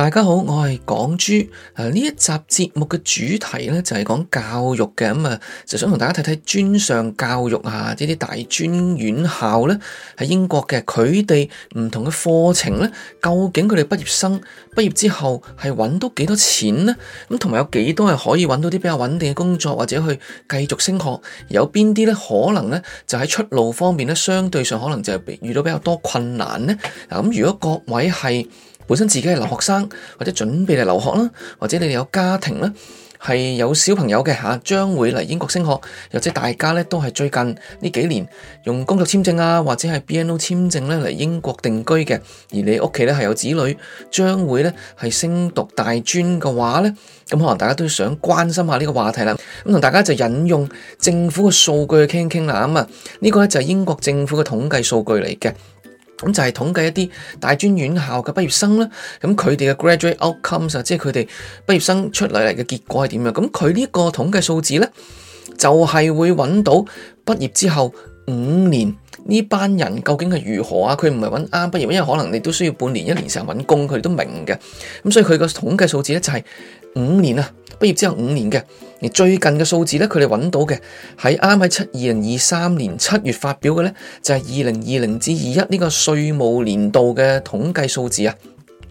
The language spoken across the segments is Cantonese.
大家好，我係港豬。誒、啊，呢一集節目嘅主題呢，就係、是、講教育嘅，咁、嗯、啊，就想同大家睇睇專上教育啊，呢啲大專院校呢，喺英國嘅，佢哋唔同嘅課程呢，究竟佢哋畢業生畢業之後係揾到幾多錢呢？咁同埋有幾多係可以揾到啲比較穩定嘅工作，或者去繼續升學？有邊啲呢？可能呢，就喺出路方面呢，相對上可能就係遇到比較多困難呢。嗱、嗯，咁如果各位係。本身自己係留學生或者準備嚟留學啦，或者你哋有家庭啦，係有小朋友嘅吓，將會嚟英國升學，又或者大家咧都係最近呢幾年用工作簽證啊，或者係 BNO 簽證咧嚟英國定居嘅，而你屋企咧係有子女，將會咧係升讀大專嘅話咧，咁可能大家都想關心下呢個話題啦。咁同大家就引用政府嘅數據去傾傾啦。咁啊，呢個咧就係英國政府嘅統計數據嚟嘅。咁就係統計一啲大專院校嘅畢業生啦。咁佢哋嘅 graduate outcomes，啊，即係佢哋畢業生出嚟嚟嘅結果係點樣？咁佢呢個統計數字咧，就係、是、會揾到畢業之後五年呢班人究竟係如何啊？佢唔係揾啱畢業，因為可能你都需要半年、一年時間揾工，佢哋都明嘅。咁所以佢個統計數字咧就係、是。五年啊，畢業之後五年嘅，而最近嘅數字咧，佢哋揾到嘅係啱喺七二零二三年七月發表嘅咧，就係二零二零至二一呢個稅務年度嘅統計數字啊。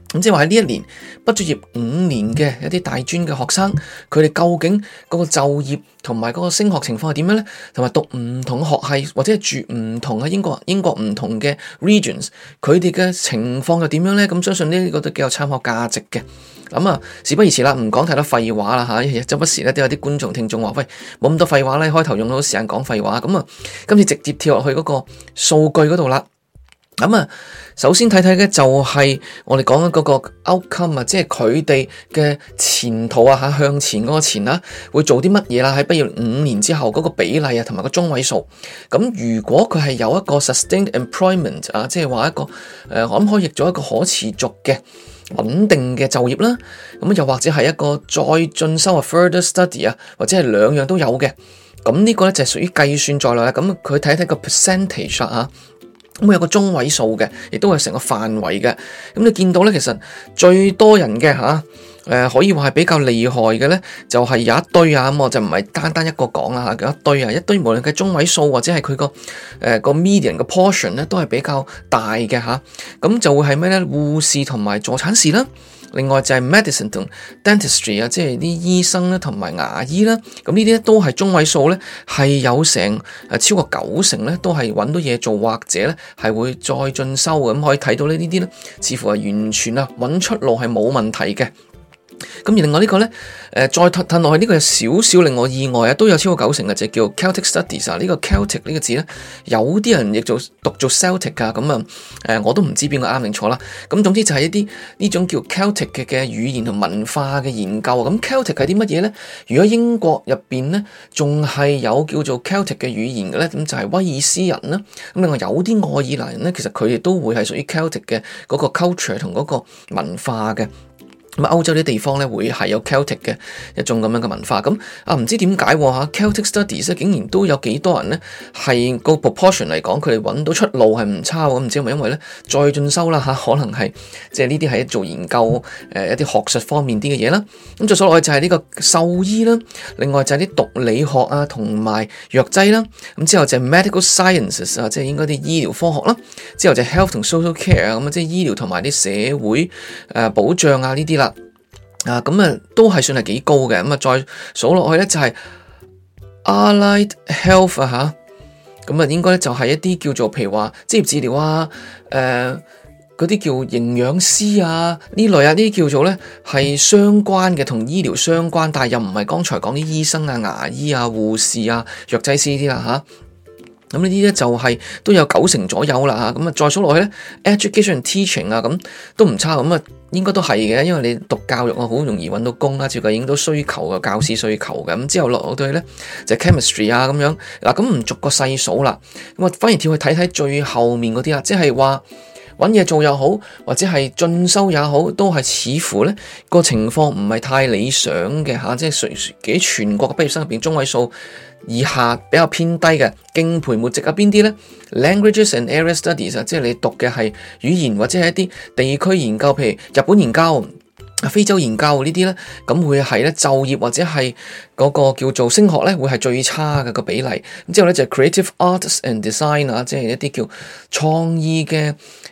咁即係話喺呢一年，畢咗業五年嘅一啲大專嘅學生，佢哋究竟嗰個就業同埋嗰個升學情況係點樣咧？同埋讀唔同學系或者住唔同嘅英國，英國唔同嘅 regions，佢哋嘅情況又點樣咧？咁相信呢啲都幾有參考價值嘅。咁啊，事不宜遲啦，唔講太多廢話啦吓，日日周不時咧都有啲觀眾聽眾話，喂，冇咁多廢話啦，開頭用咗好多時間講廢話，咁啊，今次直接跳落去嗰個數據嗰度啦。咁啊，首先睇睇咧，就係我哋講緊嗰個 outcome 啊，即係佢哋嘅前途啊，吓向前嗰個前啦，會做啲乜嘢啦？喺畢業五年之後嗰個比例啊，同埋個中位數。咁如果佢係有一個 sustained employment 啊，即係話一個誒，可唔可以譯做一個可持續嘅穩定嘅就業啦？咁又或者係一個再進修啊，further study 啊，或者係兩樣都有嘅。咁呢個咧就係屬於計算在內啦。咁佢睇睇個 percentage 啊。咁會有個中位數嘅，亦都有成個範圍嘅。咁你見到呢，其實最多人嘅吓。誒可以話係比較厲害嘅咧，就係有一堆啊，咁我就唔係單單一個講啦嚇，有一堆啊，一堆無論佢中位數或者係佢個誒個 median 嘅 portion 咧，都係比較大嘅吓，咁就會係咩咧？護士同埋助產士啦，另外就係 medicine 同 dentistry 啊，即係啲醫生咧同埋牙醫啦。咁呢啲咧都係中位數咧，係有成誒超過九成咧，都係揾到嘢做，或者咧係會再進修嘅。咁可以睇到呢啲咧，似乎係完全啊揾出路係冇問題嘅。咁而另外呢個呢，誒，再褪褪落去呢個有少少令我意外啊，都有超過九成嘅就叫 Celtic Studies 啊，呢個 Celtic 呢個字呢，有啲人亦做讀做 Celtic 噶，咁啊，誒、呃，我都唔知邊個啱定錯啦。咁總之就係一啲呢種叫 Celtic 嘅嘅語言同文化嘅研究。咁 Celtic 係啲乜嘢呢？如果英國入邊呢，仲係有叫做 Celtic 嘅語言嘅呢，咁就係威爾斯人啦。咁另外有啲愛爾蘭人呢，其實佢哋都會係屬於 Celtic 嘅嗰個 culture 同嗰個文化嘅。咁歐洲啲地方咧，會係有 Celtic 嘅一種咁樣嘅文化。咁啊，唔知點解吓 Celtic Studies 咧，竟然都有幾多人咧係個 proportion 嚟講，佢哋揾到出路係唔差。咁唔知係咪因為咧再進修啦吓可能係即係呢啲係做研究誒一啲學術方面啲嘅嘢啦。咁再所落去就係呢個獸醫啦，另外就係啲毒理學啊，同埋藥劑啦。咁之後就係 Medical Sciences 啊，即係應該啲醫療科學啦。之後就係 Health 同 Social Care 啊，咁啊即係醫療同埋啲社會誒保障啊呢啲啦。啊，咁啊，都係算係幾高嘅，咁啊，再數落去咧就係 Allied Health 啊吓，咁啊，應該咧就係一啲叫做，譬如話職業治療啊，誒、呃，嗰啲叫營養師啊，呢類啊呢啲叫做咧係相關嘅，同醫療相關，但係又唔係剛才講啲醫生啊、牙醫啊、護士啊、藥劑師啲啦吓。咁呢啲咧就係都有九成左右啦吓，咁啊再數落去咧，Education Teaching 啊，咁都唔差咁啊。應該都係嘅，因為你讀教育啊，好容易揾到工啦，最近影到需求嘅教師需求嘅。咁之後落到去呢，就係、chemistry 啊咁樣。嗱，咁唔逐個細數啦，咁啊反而跳去睇睇最後面嗰啲啊，即係話揾嘢做又好，或者係進修也好，都係似乎呢個情況唔係太理想嘅吓、啊，即係幾全國嘅畢業生入邊中位數。以下，比較偏低嘅敬陪末席有邊啲咧？Languages and Area Studies 啊，即係你讀嘅係語言或者係一啲地區研究，譬如日本研究、非洲研究呢啲咧，咁會係咧就業或者係嗰個叫做升學咧，會係最差嘅、嗰個比例。之後咧就係、是、Creative Arts and Design 啊，即係一啲叫創意嘅。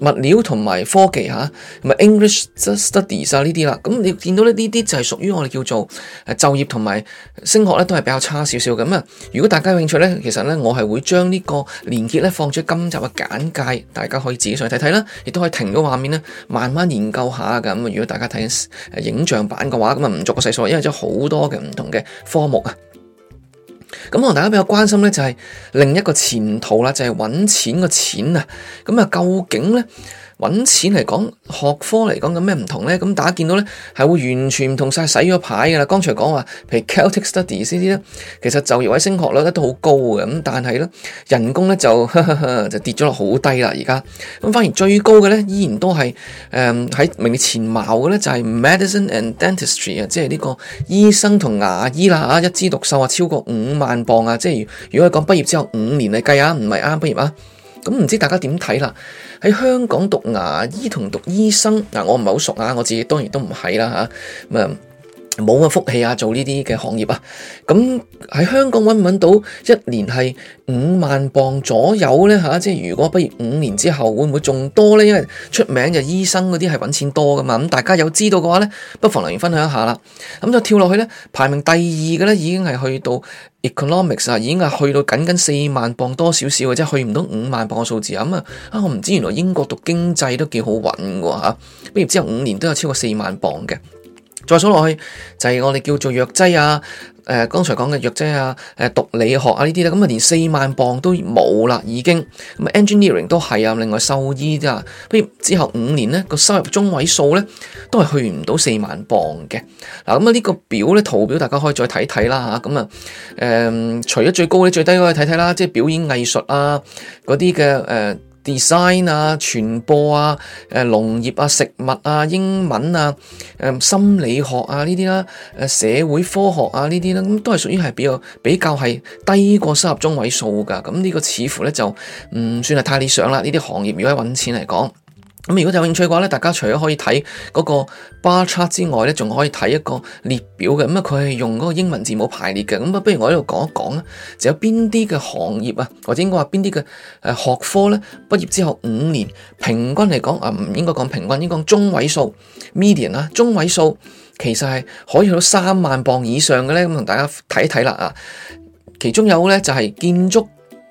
物料同埋科技嚇，同埋 English Studies 啊呢啲啦，咁你見到呢啲就係屬於我哋叫做就業同埋升學咧都係比較差少少咁啊！如果大家有興趣咧，其實咧我係會將呢個連結咧放咗喺今集嘅簡介，大家可以自己上去睇睇啦，亦都可以停咗畫面咧，慢慢研究下咁啊！如果大家睇誒影像版嘅話，咁啊唔逐個細數，因為真係好多嘅唔同嘅科目啊。咁可能大家比較關心咧，就係另一個前途啦，就係揾錢個錢啊，咁啊究竟咧？揾錢嚟講，學科嚟講有咩唔同咧？咁大家見到呢，係會完全唔同晒，洗咗牌噶啦。剛才講話，譬如 Celtic Studies 呢啲呢，其實就業率升學率咧都好高嘅，咁但係呢，人工呢就呵呵呵， 就跌咗落好低啦。而家咁反而最高嘅呢，依然都係誒喺名列前茅嘅呢，就係 Medicine and Dentistry 啊，即係呢個醫生同牙醫啦啊，一枝獨秀啊，超過五萬磅啊，即係如果你講畢業之後五年你計下，唔係啱畢業啊。咁唔知大家點睇啦？喺香港讀牙醫同讀醫生，嗱我唔係好熟啊，我自己當然都唔係啦吓咁啊。嗯冇乜福氣啊！做呢啲嘅行業啊，咁喺香港揾唔揾到一年係五萬鎊左右呢？嚇、啊，即係如果畢業五年之後會唔會仲多呢？因為出名嘅醫生嗰啲係揾錢多噶嘛。咁大家有知道嘅話呢，不妨留言分享一下啦。咁就跳落去呢，排名第二嘅呢已經係去到 Economics 啊，已經係去到僅僅四萬鎊多少少嘅，即係去唔到五萬鎊嘅數字啊。咁啊啊，我唔知原來英國讀經濟都幾好揾㗎嚇，畢業之後五年都有超過四萬鎊嘅。再數落去就係、是、我哋叫做藥劑啊，誒、呃、剛才講嘅藥劑啊，誒、呃、毒理學啊呢啲啦，咁啊、嗯、連四萬鎊都冇啦，已經咁啊、嗯、engineering 都係啊，另外獸醫啊，不如之後五年咧個收入中位數咧都係去唔到四萬鎊嘅。嗱咁啊呢、嗯，這個表咧圖表大家可以再睇睇啦吓。咁啊誒除咗最高咧最低都可以睇睇啦，即係表演藝術啊嗰啲嘅誒。design 啊、傳播啊、誒農業啊、食物啊、英文啊、誒心理學啊呢啲啦、誒社會科學啊呢啲啦，咁都係屬於係比較比較係低過收入中位數㗎。咁呢個似乎咧就唔算係太理想啦。呢啲行業如果揾錢嚟講。咁如果有興趣嘅話咧，大家除咗可以睇嗰個 bar chart 之外咧，仲可以睇一個列表嘅。咁啊，佢係用嗰個英文字母排列嘅。咁啊，不如我喺度講一講啦。就有邊啲嘅行業啊，或者應該話邊啲嘅誒學科咧，畢業之後五年平均嚟講啊，唔應該講平均，應該講中位數 （median） 啦。Million, 中位數其實係可以去到三萬磅以上嘅咧。咁同大家睇一睇啦啊。其中有咧就係建築。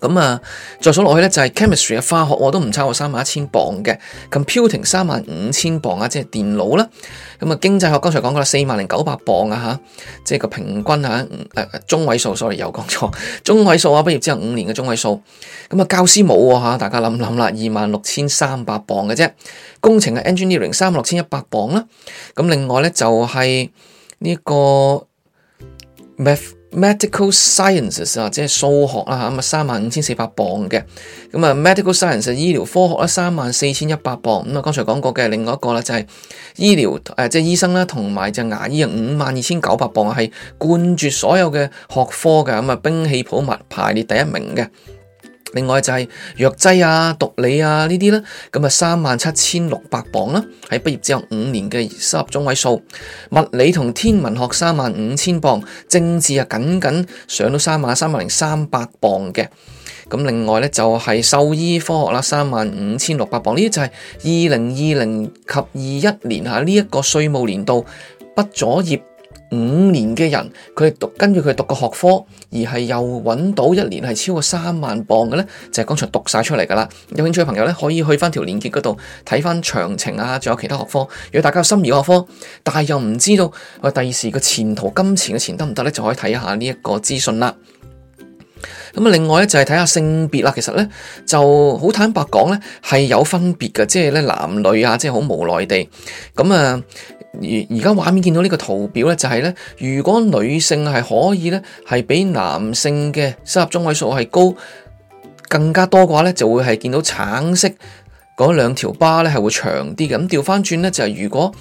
咁啊，再數落去呢，就係、是、chemistry 嘅化學，我都唔差過三萬一千磅嘅；computing 三萬五千磅啊，即係電腦啦。咁啊，經濟學剛才講過啦，四萬零九百磅啊，吓，即係個平均啊，誒，中位數，sorry 又講錯，中位數啊，畢業之後五年嘅中位數。咁啊，教師冇啊吓，大家諗諗啦，二萬六千三百磅嘅啫。工程嘅 engineering 三萬六千一百磅啦。咁另外呢、這個，就係呢個 math Medical sciences 啊，即係數學啦嚇，咁啊，三萬五千四百磅嘅。咁啊，Medical Sciences 醫療科學啦，三萬四千一百磅。咁啊，剛才講過嘅另外一個啦，就係醫療誒，即係醫生啦，同埋只牙醫啊，五萬二千九百磅係冠絕所有嘅學科嘅。咁啊，兵器譜物排列第一名嘅。另外就係藥劑啊、毒理啊呢啲啦，咁啊三萬七千六百磅啦，喺畢業之後五年嘅收入中位數。物理同天文學三萬五千磅，政治啊僅僅上到三萬三萬零三百磅嘅。咁另外呢，就係、是、獸醫科學啦，三萬五千六百磅。呢啲就係二零二零及二一年下呢一個稅務年度畢咗業五年嘅人，佢跟住佢讀個學科，而係又揾到一年係超過三萬磅嘅呢，就係、是、剛才讀晒出嚟噶啦。有興趣嘅朋友呢，可以去翻條連結嗰度睇翻詳情啊，仲有其他學科。如果大家有心儀嘅學科，但係又唔知道我第時個前途金錢嘅前景得唔得呢，就可以睇下呢一個資訊啦。咁另外咧就係睇下性別啦，其實咧就好坦白講咧係有分別嘅，即係咧男女啊，即係好無奈地。咁啊，而而家畫面見到呢個圖表咧，就是，就係咧如果女性係可以咧係比男性嘅收入中位數係高更加多嘅話咧，就會係見到橙色嗰兩條 bar 咧係會長啲嘅。咁調翻轉咧就係如果。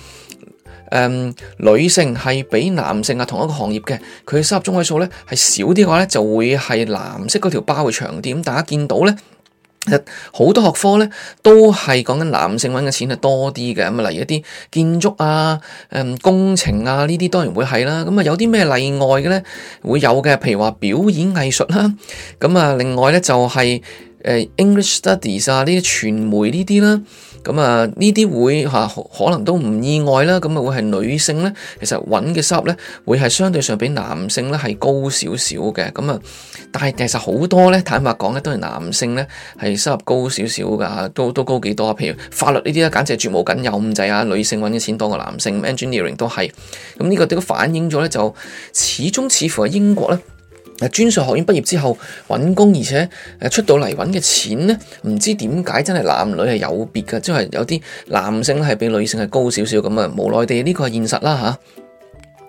誒、嗯，女性係比男性啊，同一個行業嘅，佢收入中位數咧係少啲嘅話咧，就會係藍色嗰條包會長啲。咁大家見到咧，其實好多學科咧都係講緊男性搵嘅錢係多啲嘅。咁啊，例如一啲建築啊、誒、嗯、工程啊呢啲，當然會係啦。咁啊，有啲咩例外嘅咧，會有嘅。譬如話表演藝術啦，咁啊，另外咧就係、是。English studies 啊，呢啲傳媒呢啲啦，咁啊呢啲會嚇可能都唔意外啦，咁啊會係女性咧，其實揾嘅收入咧會係相對上比男性咧係高少少嘅，咁啊，但係其實好多咧，坦白講咧都係男性咧係收入高少少㗎，都高都,都高幾多，譬如法律呢啲咧簡直係絕無僅有咁滯啊，女性揾嘅錢多過男性，engineering 都係，咁呢、嗯呢個都反映咗咧就始終似乎係英國咧。嗱，專上學院畢業之後搵工，而且誒出到嚟搵嘅錢咧，唔知點解真係男女係有別㗎，即係有啲男性係比女性係高少少咁啊！無奈地，呢個係現實啦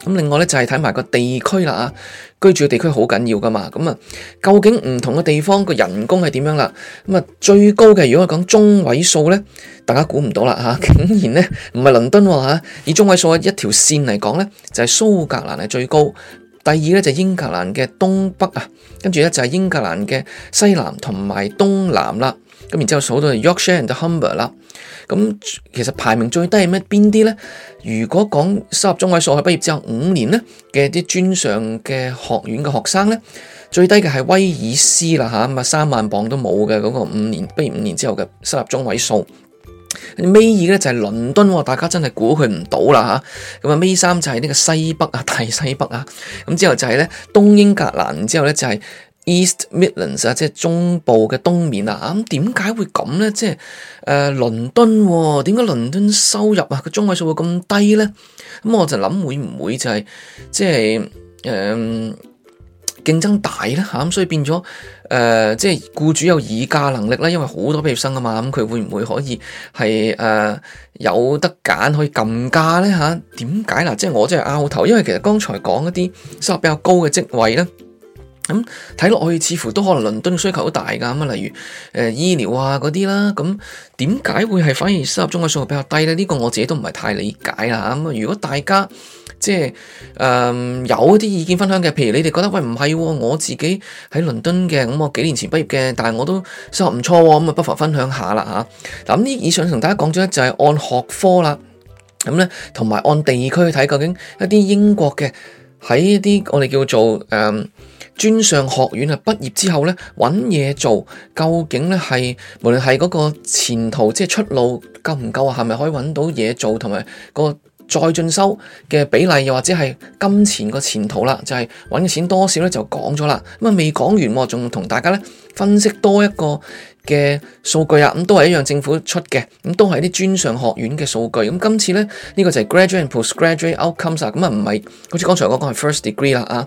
吓，咁另外咧就係睇埋個地區啦吓，居住嘅地區好緊要㗎嘛。咁啊，究竟唔同嘅地方個人工係點樣啦？咁啊，最高嘅如果講中位數咧，大家估唔到啦吓，竟然咧唔係倫敦吓，以中位數一條線嚟講咧，就係蘇格蘭係最高。第二咧就英格蘭嘅東北啊，跟住咧就係英格蘭嘅西南同埋東南啦。咁然之後數到 Yorkshire 同 Humber 啦。咁其實排名最低係咩？邊啲咧？如果講收入中位數，畢業之後五年咧嘅啲專上嘅學院嘅學生咧，最低嘅係威爾斯啦嚇，咁啊三萬磅都冇嘅嗰個五年畢業五年之後嘅收入中位數。尾二咧就係倫敦，大家真係估佢唔到啦吓。咁啊尾三就係呢個西北啊、大西北啊。咁之後就係咧東英格蘭，之後咧就係 East Midlands 啊，即係中部嘅東面啊。咁點解會咁咧？即係誒，倫敦點解倫敦收入啊個中位數會咁低咧？咁我就諗會唔會就係即係誒？就是呃競爭大咧嚇，咁所以變咗誒、呃，即係僱主有議價能力啦，因為好多畢業生啊嘛，咁佢會唔會可以係誒、呃、有得揀，可以撳價咧嚇？點解啦？即係我真係拗頭，因為其實剛才講一啲收入比較高嘅職位咧。咁睇落去似乎都可能倫敦需求好大㗎咁啊，例如誒、呃、醫療啊嗰啲啦，咁點解會係反而收入中嘅數目比較低咧？呢、這個我自己都唔係太理解啦。咁、嗯、如果大家即係誒、嗯、有一啲意見分享嘅，譬如你哋覺得喂唔係、哦，我自己喺倫敦嘅，咁、嗯、我幾年前畢業嘅，但係我都收入唔錯喎，咁、嗯、啊不妨分享下啦嚇。嗱咁呢以上同大家講咗就係、是、按學科啦，咁咧同埋按地區睇究竟一啲英國嘅喺一啲我哋叫做誒。嗯專上學院啊，畢業之後呢揾嘢做，究竟呢？係無論係嗰個前途即係出路夠唔夠啊？係咪可以揾到嘢做，同埋個再進修嘅比例又或者係金錢個前途啦？就係揾嘅錢多少呢？就講咗啦。咁啊未講完喎，仲同大家呢分析多一個嘅數據啊。咁都係一樣政府出嘅，咁都係啲專上學院嘅數據。咁今次呢，呢、呢個就係 graduate and postgraduate outcomes 啊。咁啊唔係好似剛才講、嗰、嗰個係 first degree 啦啊。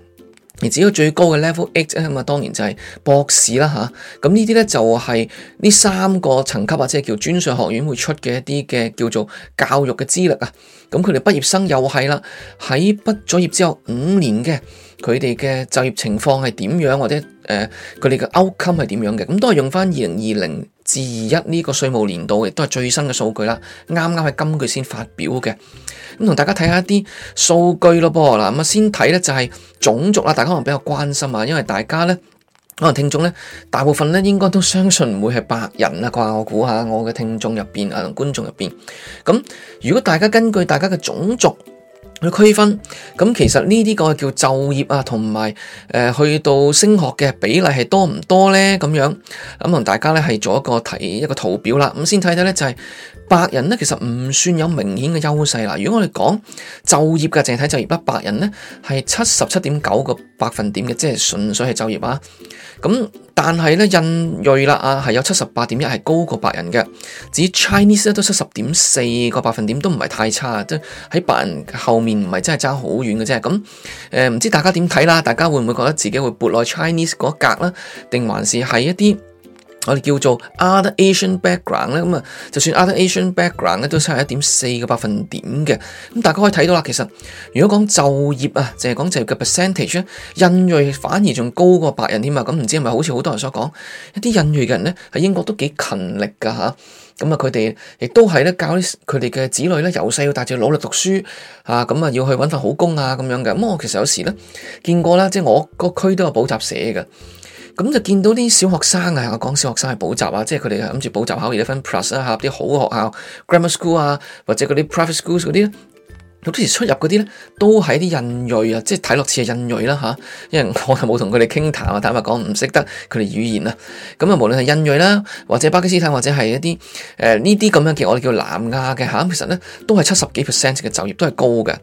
而只有最高嘅 level eight 咧，當然就係博士啦嚇。咁呢啲咧，就係呢三個層級，或者叫專上學院會出嘅一啲嘅叫做教育嘅資歷啊。咁佢哋畢業生又係啦，喺畢咗業之後五年嘅佢哋嘅就業情況係點樣，或者誒佢哋嘅 outcome 係點樣嘅？咁都係用返二零二零，至一呢個稅務年度亦都係最新嘅數據啦，啱啱喺今個月先發表嘅。咁同大家睇下一啲數據咯噃，嗱咁啊先睇咧就係種族啦，大家可能比較關心啊，因為大家咧可能聽眾咧大部分咧應該都相信唔會係白人啦啩，我估下我嘅聽眾入邊啊觀眾入邊，咁如果大家根據大家嘅種族。去區分咁，其實呢啲個叫就業啊，同埋誒去到升學嘅比例係多唔多咧？咁樣咁同大家咧係做一個睇一個圖表啦。咁先睇睇咧就係、是。白人咧其實唔算有明顯嘅優勢啦。如果我哋講就業嘅淨係睇就業率，白人咧係七十七點九個百分點嘅，即係純粹係就業啊。咁但係咧，印裔啦啊係有七十八點一，係高過白人嘅。至於 Chinese 咧都七十點四個百分點，都唔係太差，即係喺白人後面唔係真係差好遠嘅啫。咁誒唔知大家點睇啦？大家會唔會覺得自己會撥落 Chinese 嗰格啦？定還是係一啲？我哋叫做 Other Asian Background 咧，咁啊，就算 Other Asian Background 咧，都差一點四個百分點嘅。咁大家可以睇到啦，其實如果講就業啊，淨係講就業嘅 percentage 咧，印裔反而仲高過白人添啊。咁唔知係咪好似好多人所講，一啲印裔嘅人咧喺英國都幾勤力噶嚇。咁啊，佢哋亦都係咧教啲佢哋嘅子女咧，由細要帶住努力讀書啊，咁啊要去揾份好工啊咁樣嘅。咁我其實有時咧見過啦，即係我個區都有補習社嘅。咁就見到啲小學生啊，我講小學生係補習啊，即係佢哋諗住補習考 eleven plus 啦、啊，啲好嘅學校 grammar school 啊，或者嗰啲 private schools 嗰啲咧。有啲時出入嗰啲咧，都係啲印裔啊，即係睇落似係印裔啦嚇，因為我又冇同佢哋傾談啊，坦白講唔識得佢哋語言啊。咁啊，無論係印裔啦，或者巴基斯坦，或者係一啲誒呢啲咁樣嘅，我哋叫南亞嘅嚇，其實咧都係七十幾 percent 嘅就業都係高嘅。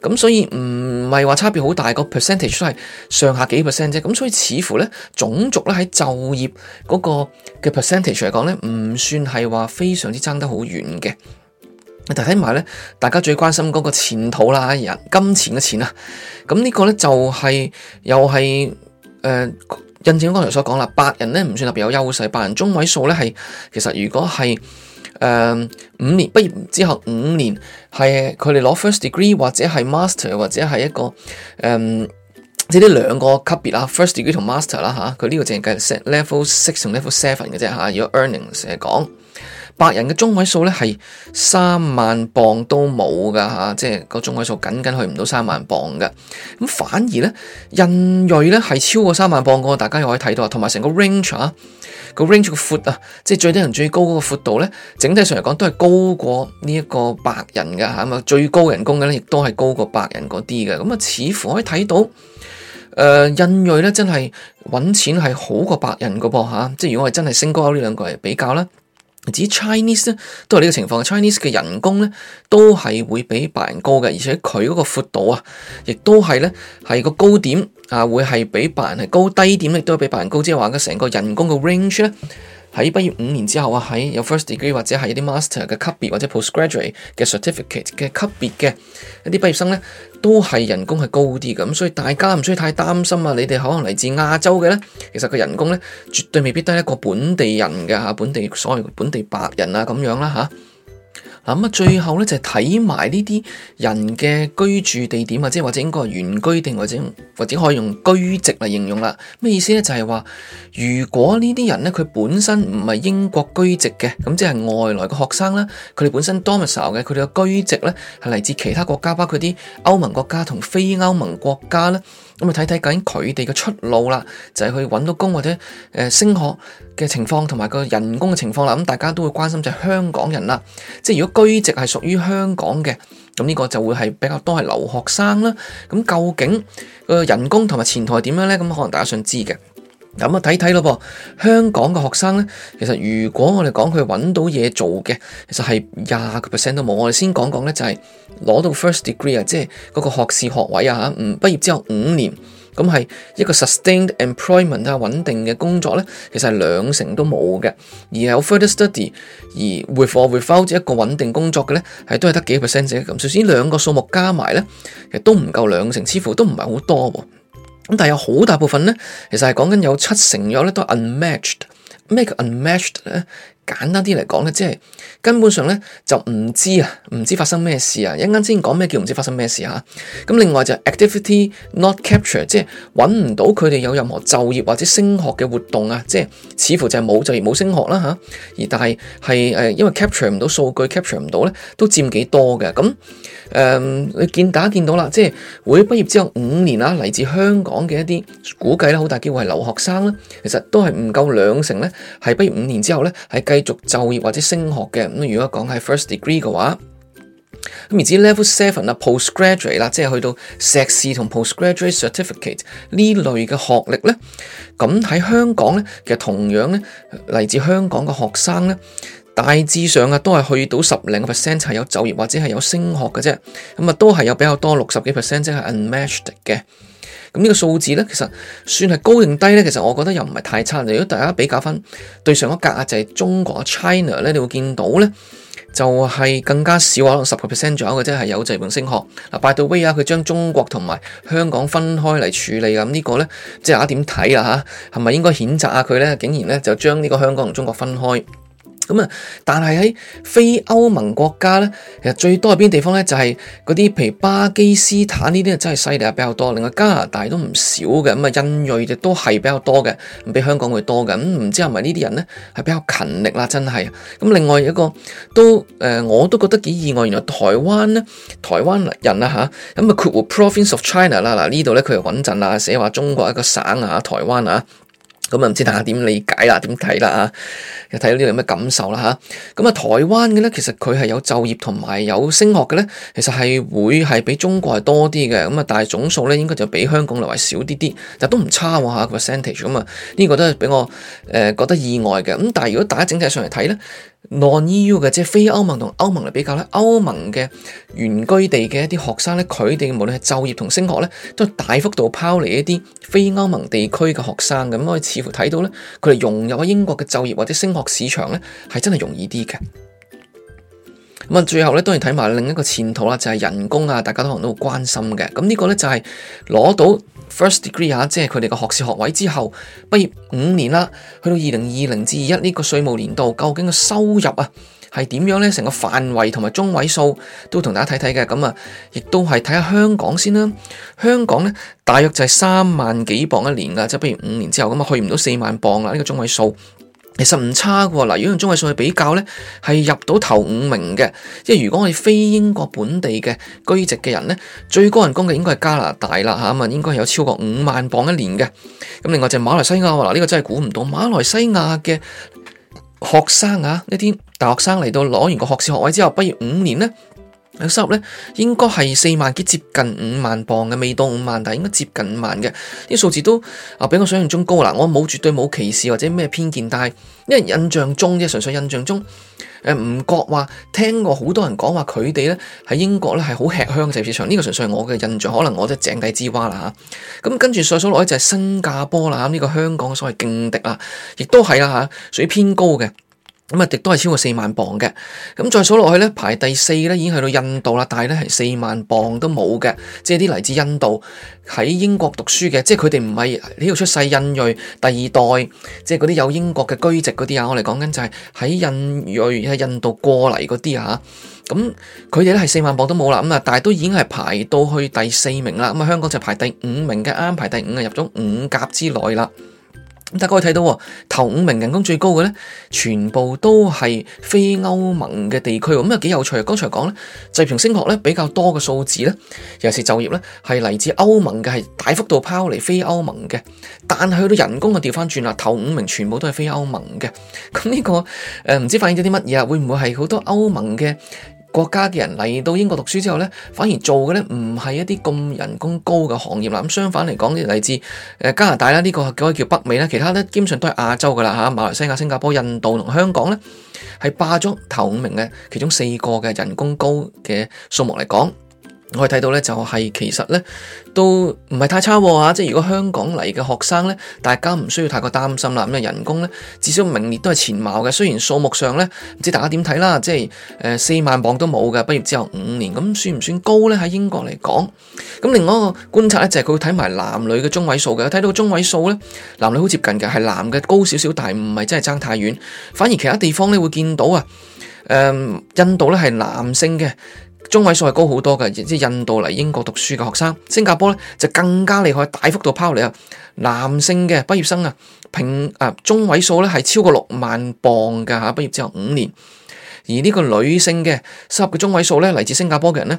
咁所以唔係話差別好大，個 percentage 都係上下幾 percent 啫。咁所以似乎咧，種族咧喺就業嗰個嘅 percentage 嚟講咧，唔算係話非常之爭得好遠嘅。睇睇埋咧，大家最關心嗰個前途啦，人金錢嘅錢啊，咁呢個咧就係、是、又係誒、呃，印證我剛才所講啦。白人咧唔算特別有優勢，白人中位數咧係其實如果係誒五年畢業之後五年，係佢哋攞 first degree 或者係 master 或者係一個誒，即係呢兩個級別啦，first degree 同 master 啦、啊、嚇，佢呢個淨係計 level six 同 level seven 嘅啫嚇、啊，如果 earnings 成日講。白人嘅中位數咧係三萬磅都冇噶嚇，即係個中位數僅僅去唔到三萬磅嘅。咁反而咧，印裔咧係超過三萬磅個，大家又可以睇到 range，啊。同埋成個 range 啊，個 range 個闊啊，即係最低人最高嗰個闊度咧，整體上嚟講都係高過呢一個白人嘅嚇嘛。最高人工嘅咧亦都係高過白人嗰啲嘅。咁啊，似乎可以睇到，誒、呃，印裔咧真係揾錢係好過白人個噃嚇。即係如果我係真係升高呢兩個嚟比較啦。至於 Chinese 咧都係呢個情況，Chinese 嘅人工咧都係會比白人高嘅，而且佢嗰個闊度啊，亦都係咧係個高點啊，會係比白人係高，低點亦都係比白人高，即係話佢成個人工嘅 range 咧，喺畢業五年之後啊，喺有 first degree 或者係一啲 master 嘅級別或者 postgraduate 嘅 certificate 嘅級別嘅一啲畢業生咧。都係人工係高啲咁，所以大家唔需要太擔心啊！你哋可能嚟自亞洲嘅呢，其實個人工呢，絕對未必低一個本地人嘅，本地所謂本地白人啊咁樣啦。嗱，咁最後呢，就係睇埋呢啲人嘅居住地點或者應該係原居地或者或者可以用居籍嚟形容啦。咩意思呢？就係話，如果這些呢啲人咧佢本身唔係英國居籍嘅，咁即係外來嘅學生啦，佢哋本身 domestic 嘅，佢哋嘅居籍呢，係嚟自其他國家，包括啲歐盟國家同非歐盟國家咧。咁啊，睇睇究竟佢哋嘅出路啦，就係去揾到工或者升學嘅情況，同埋個人工嘅情況啦。咁大家都會關心就係香港人啦。即係如果居籍係屬於香港嘅，咁呢個就會係比較多係留學生啦。咁究竟個人工同埋前途係點樣呢？咁可能大家想知嘅。咁啊，睇睇咯噃，香港嘅學生咧，其實如果我哋講佢揾到嘢做嘅，其實係廿個 percent 都冇。我哋先講講咧，就係攞到 first degree 啊，即係嗰個學士學位啊嚇，嗯，畢業之後五年，咁係一個 sustained employment 啊，穩定嘅工作咧，其實係兩成都冇嘅。而有 further study 而 with or without 即係一個穩定工作嘅咧，係都係得幾 percent 啫咁。首先兩個數目加埋咧，其實都唔夠兩成，似乎都唔係好多喎，啊。咁但係有好大部分咧，其實係講緊有七成咗咧都係 unmatched un。咩叫 unmatched 咧？簡單啲嚟講咧，即係根本上咧就唔知啊，唔知發生咩事啊！一陣間先講咩叫唔知發生咩事嚇、啊，咁另外就係 activity not captured，即係揾唔到佢哋有任何就業或者升學嘅活動啊，即係似乎就係冇就業冇升學啦、啊、吓。而但係係誒，因為 capture 唔到數據，capture 唔到咧，都佔幾多嘅咁誒？你見、呃、大家見到啦，即係會畢業之後五年啦、啊，嚟自香港嘅一啲估計咧、啊，好大機會係留學生啦、啊，其實都係唔夠兩成咧，係畢業五年之後咧係計。繼續就業或者升學嘅咁。如果講係 first degree 嘅話，咁而至 level seven 啦、postgraduate 啦，即係去到碩士同 postgraduate certificate 呢類嘅學歷咧，咁喺香港咧其實同樣咧嚟自香港嘅學生咧，大致上啊都係去到十零個 percent 係有就業或者係有升學嘅啫。咁啊，都係有比較多六十幾 percent 即係 unmatched 嘅。咁呢個數字呢，其實算係高定低呢？其實我覺得又唔係太差。如果大家比較翻對上嗰格就係中國 China 咧，你會見到呢，就係更加少，可能十個 percent 左右嘅啫，係有部分升學。嗱，by the way 啊，佢將中國同埋香港分開嚟處理啊，咁呢個呢，即係大家點睇啊嚇，係咪應該譴責下佢呢？竟然呢，就將呢個香港同中國分開。咁啊，但係喺非歐盟國家咧，其實最多係邊地方咧？就係嗰啲，譬如巴基斯坦呢啲真係犀利啊，比較多。另外加拿大都唔少嘅，咁啊，印裔亦都係比較多嘅，比香港會多嘅。咁唔知係咪呢啲人咧係比較勤力啦？真係。咁另外一個都誒，我都覺得幾意外，原來台灣咧，台灣人啦、啊、吓，咁啊括號 Province of China 啦，嗱呢度咧佢係穩陣啦，寫話中國一個省啊，台灣啊。咁啊，唔知大家點理解啦，點睇啦啊？又睇到呢度有咩感受啦嚇？咁啊，台灣嘅咧，其實佢係有就業同埋有，有升學嘅咧，其實係會係比中國係多啲嘅。咁啊，但係總數咧應該就比香港略為少啲啲，但都唔差喎嚇 percentage。咁啊，呢、這個都係俾我誒、呃、覺得意外嘅。咁但係如果大家整體上嚟睇咧。Non EU 嘅即係非歐盟同歐盟嚟比較咧，歐盟嘅原居地嘅一啲學生咧，佢哋無論係就業同升學咧，都係大幅度拋離一啲非歐盟地區嘅學生咁，所以似乎睇到咧，佢哋融入喺英國嘅就業或者升學市場咧，係真係容易啲嘅。咁啊，最後咧，當然睇埋另一個前途啦，就係人工啊，大家都可能都好關心嘅。咁呢個咧就係攞到。First degree 啊，即係佢哋嘅學士學位之後畢業五年啦，去到二零二零至二一呢個稅務年度，究竟個收入啊係點樣咧？成個範圍同埋中位數都同大家睇睇嘅，咁啊，亦都係睇下香港先啦。香港咧大約就係三萬幾磅一年㗎，即係畢業五年之後咁啊，去唔到四萬磅啦，呢個中位數。其實唔差噶，嗱，如果用中位數去比較咧，係入到頭五名嘅。即係如果我哋非英國本地嘅居籍嘅人咧，最高人工嘅應該係加拿大啦，吓咁啊，應該係有超過五萬磅一年嘅。咁另外就係馬來西亞，嗱、這、呢個真係估唔到，馬來西亞嘅學生啊，呢啲大學生嚟到攞完個學士學位之後，畢業五年咧。收入咧應該係四萬幾，接近五萬磅嘅，未到五萬，但係應該接近五萬嘅。啲、這、數、個、字都啊，比我想象中高啦。我冇絕對冇歧視或者咩偏見，但係因為印象中啫，純粹印象中，誒唔覺話聽過好多人講話佢哋咧喺英國咧係好吃香嘅製造市場。呢、這個純粹係我嘅印象，可能我都係井底之蛙啦嚇。咁、啊、跟住再數落咧就係新加坡啦，呢、這個香港嘅所謂勁敵啦，亦都係啦嚇，屬、啊、於偏高嘅。咁啊，亦都係超過四萬磅嘅。咁再數落去咧，排第四咧已經去到印度啦，但係咧係四萬磅都冇嘅。即係啲嚟自印度喺英國讀書嘅，即係佢哋唔係呢度出世印裔第二代，即係嗰啲有英國嘅居籍嗰啲啊。我哋講緊就係喺印裔喺印度過嚟嗰啲啊。咁佢哋咧係四萬磅都冇啦。咁啊，但係都已經係排到去第四名啦。咁啊，香港就排第五名嘅，啱啱排第五啊，入咗五甲之內啦。大家可以睇到，頭五名人工最高嘅呢，全部都係非歐盟嘅地區。咁啊，幾有趣啊！剛才講呢，就從升學咧比較多嘅數字呢，尤其是就業呢，係嚟自歐盟嘅，係大幅度拋離非歐盟嘅。但去到人工嘅調翻轉啦，頭五名全部都係非歐盟嘅。咁呢、這個誒，唔、呃、知反映咗啲乜嘢？會唔會係好多歐盟嘅？國家嘅人嚟到英國讀書之後呢，反而做嘅呢唔係一啲咁人工高嘅行業啦。咁相反嚟講，呢嚟自加拿大啦，呢個叫北美啦，其他呢基本上都係亞洲噶啦嚇。馬來西亞、新加坡、印度同香港呢，係霸咗頭五名嘅其中四個嘅人工高嘅數目嚟講。我可以睇到咧，就係、是、其實咧都唔係太差吓、啊，即係如果香港嚟嘅學生咧，大家唔需要太過擔心啦。咁啊，人工咧至少明年都係前茅嘅，雖然數目上咧唔知大家點睇啦，即係誒四萬鎊都冇嘅，畢業之後五年咁算唔算高咧？喺英國嚟講，咁另外一個觀察咧就係、是、佢會睇埋男女嘅中位數嘅，睇到個中位數咧，男女好接近嘅，係男嘅高少少，但係唔係真係差太遠。反而其他地方咧會見到啊，誒、嗯、印度咧係男性嘅。中位數係高好多嘅，即係印度嚟英國讀書嘅學生，新加坡咧就更加厲害，大幅度拋離啊！男性嘅畢業生啊，平啊中位數咧係超過六萬磅嘅吓，畢業之後五年，而呢個女性嘅收入嘅中位數咧嚟自新加坡嘅人咧，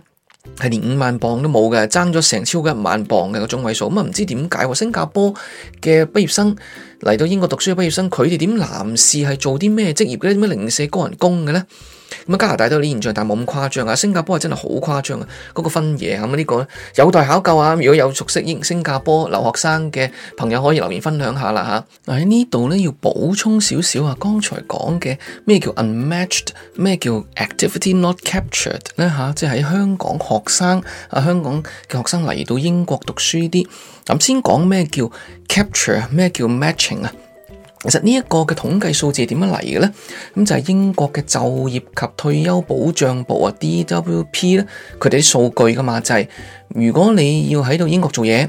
係連五萬磅都冇嘅，爭咗成超過一萬磅嘅嗰個中位數。咁啊唔知點解喎？新加坡嘅畢業生嚟到英國讀書嘅畢業生，佢哋點男士係做啲咩職業嘅咧？點解零舍高人工嘅咧？咁加拿大都有呢，現象，但冇咁誇張啊。新加坡係真係好誇張啊，嗰個分野，咁呢個咧有待考究啊。如果有熟悉英新加坡留學生嘅朋友，可以留言分享下啦嚇。嗱喺呢度呢，要補充少少少啊，剛才講嘅咩叫 unmatched，咩叫 activity not captured 咧、啊、嚇，即係喺香港學生啊，香港嘅學生嚟到英國讀書啲。咁先講咩叫 capture，咩叫 matching 啊？其實呢一個嘅統計數字係點樣嚟嘅咧？咁就係英國嘅就業及退休保障部啊 （DWP） 咧，佢哋啲數據噶嘛，就係、是、如果你要喺度英國做嘢，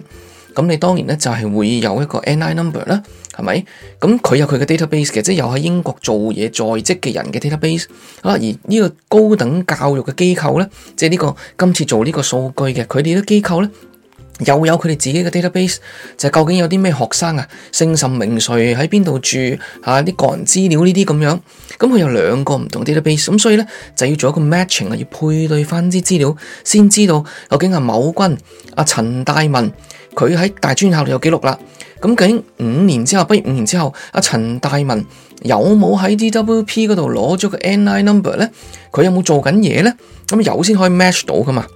咁你當然咧就係會有一個 NI number 啦，係咪？咁佢有佢嘅 database 嘅，即係有喺英國做嘢在職嘅人嘅 database 啊。而呢個高等教育嘅機構咧，即係呢、這個今次做呢個數據嘅，佢哋啲機構咧。又有佢哋自己嘅 database，就究竟有啲咩學生啊，姓甚名誰，喺邊度住嚇，啲個人資料呢啲咁樣，咁佢有兩個唔同 database，咁所以咧就要做一個 matching 啊，要配對翻啲資料先知道究竟阿某君、阿、啊、陳大文佢喺大專校度有記錄啦，咁究竟五年之後，畢業五年之後，阿、啊、陳大文有冇喺 DWP 嗰度攞咗個 NI number 咧？佢有冇做緊嘢咧？咁有先可以 match 到㗎嘛？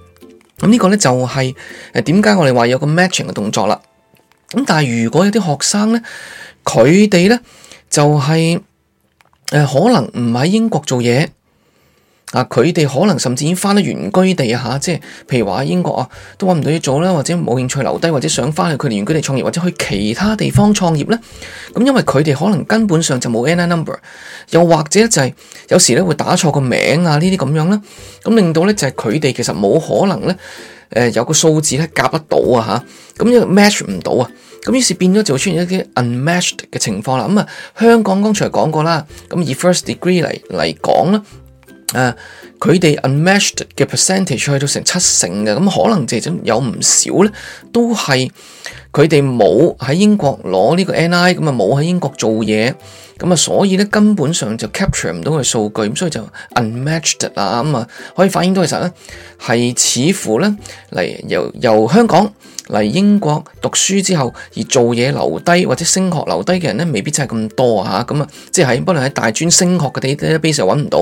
咁呢個咧就係誒點解我哋話有個 matching 嘅動作啦。咁但係如果有啲學生咧，佢哋咧就係誒可能唔喺英國做嘢。啊！佢哋可能甚至已經翻咗原居地啊，嚇！即係譬如話喺英國啊，都揾唔到嘢做啦，或者冇興趣留低，或者想翻去佢哋原居地創業，或者去其他地方創業呢。咁因為佢哋可能根本上就冇 NI number，又或者就係有時咧會打錯個名啊呢啲咁樣啦。咁令到呢，就係佢哋其實冇可能呢，誒有個數字呢夾得到啊，嚇，咁因為 match 唔到啊，咁於是變咗就會出現一啲 unmatched 嘅情況啦。咁啊，香港剛才講過啦，咁以 first degree 嚟嚟講咧。佢哋、啊、unmatched 嘅 percentage 去到成七成嘅，咁、嗯、可能就真有唔少咧，都係佢哋冇喺英國攞呢個 NI，咁啊冇喺英國做嘢，咁、嗯、啊所以咧根本上就 capture 唔到佢數據，咁所以就 unmatched 啦，咁、嗯、啊可以反映到其實咧，係似乎咧嚟由由香港。嚟英國讀書之後而做嘢留低或者升學留低嘅人咧，未必真係咁多吓。咁啊，嗯、即係不能喺大專升學嘅啲咧，base 揾唔到；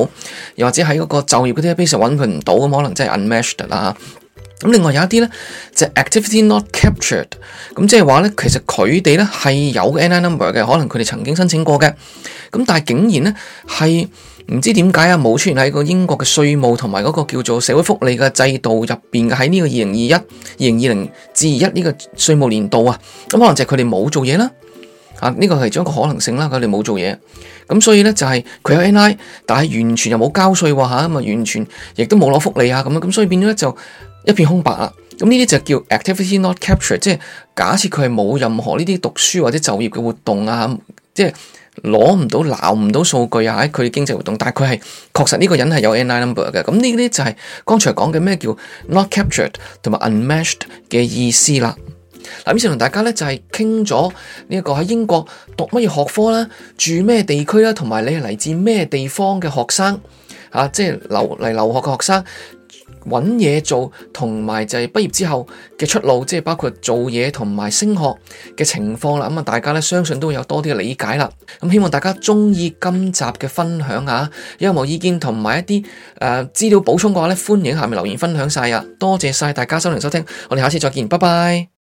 又或者喺嗰個就業嗰啲咧，base 揾佢唔到，咁可能真係 unmatched 啦、啊。咁、嗯、另外有一啲咧、就係嗯，即係 activity not captured，咁即係話咧，其實佢哋咧係有 NI number 嘅，可能佢哋曾經申請過嘅，咁但係竟然咧係。唔知點解啊？冇出現喺個英國嘅稅務同埋嗰個叫做社會福利嘅制度入邊嘅，喺呢個二零二一、二零二零至二一呢個稅務年度啊，咁可能就係佢哋冇做嘢啦。啊，呢個係一個可能性啦。佢哋冇做嘢，咁所以咧就係佢有 NI 但係完全又冇交稅喎，咁啊完全亦都冇攞福利啊咁啊，咁所以變咗咧就一片空白啊。咁呢啲就叫 activity not captured，即係假設佢係冇任何呢啲讀書或者就業嘅活動啊，即係。攞唔到、攪唔到數據啊！喺佢經濟活動，但係佢係確實呢個人係有 NI number 嘅。咁呢啲就係剛才講嘅咩叫 not captured 同埋 unmatched 嘅意思啦。嗱，於是同大家咧就係傾咗呢一個喺英國讀乜嘢學科啦，住咩地區啦，同埋你係嚟自咩地方嘅學生啊，即係留嚟留學嘅學生。搵嘢做同埋就係畢業之後嘅出路，即係包括做嘢同埋升學嘅情況啦。咁啊，大家咧相信都會有多啲嘅理解啦。咁希望大家中意今集嘅分享啊，有冇意見同埋一啲誒資料補充嘅話咧，歡迎下面留言分享晒啊！多謝晒大家收聽收聽，我哋下次再見，拜拜。